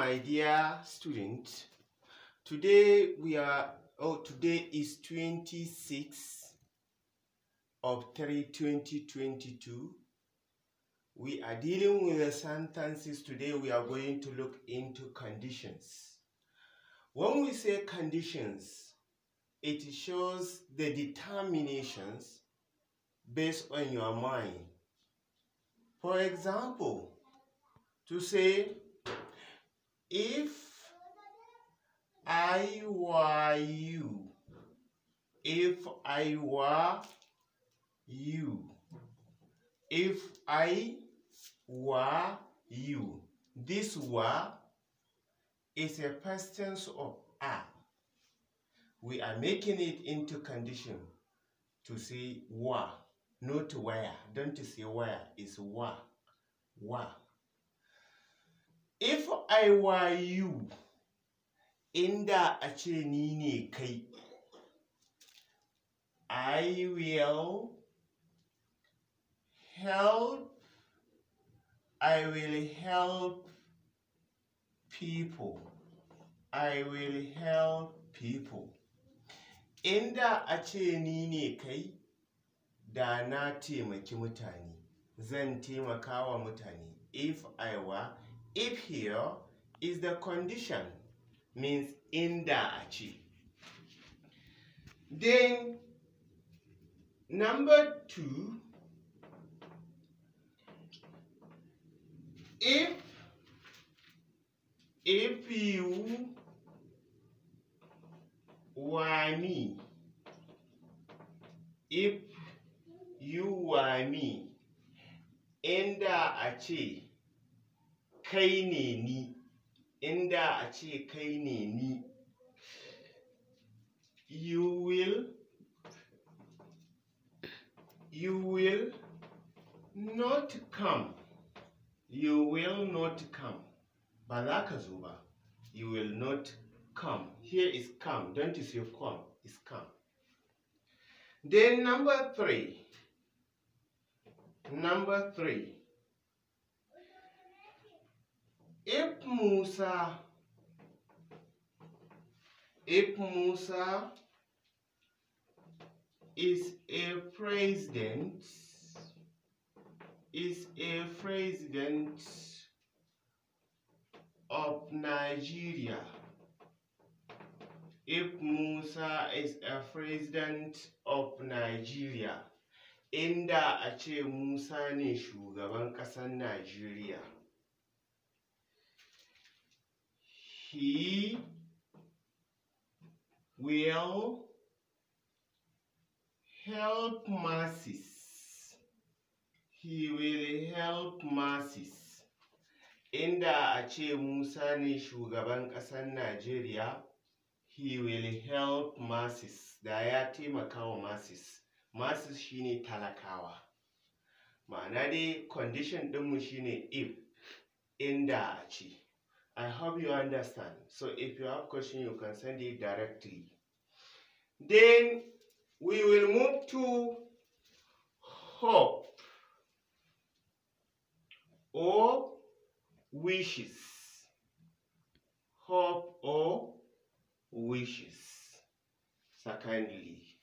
my dear student. Today we are, oh, today is 26 of 3, 2022. We are dealing with the sentences. Today we are going to look into conditions. When we say conditions, it shows the determinations based on your mind. For example, to say if I were you, if I were you, if I were you, this were is a past tense of are. We are making it into condition to say were, not where. Don't say where, it's were, were if I were you inda a ce ni ne kai I will help I will help people I will help people inda a ce ni ne kai da na taimaki mutane zan taimaka wa mutane if I were if here is the condition, means in the achi. Then number two, if if you were me, if you were me, in the achieve kai ne ni inda a ce kai ne ni you will you will not come you will not come ba za ka zo ba you will not come here is come don't you see? come is come then number three number three if Musa, if Musa is a president, is a president of Nigeria. If Musa is a president of Nigeria, inda ache Musa ni shugaban ƙasar Nigeria. he will help masses he will help masses inda a ce musa ne shugaban ƙasar najeriya he will help masses da ya taimaka wa masses masses shine talakawa ma'ana dai condition ɗinmu shine if inda a ce I hope you understand. So if you have question, you can send it directly. Then we will move to hope or wishes. Hope or wishes. Secondly,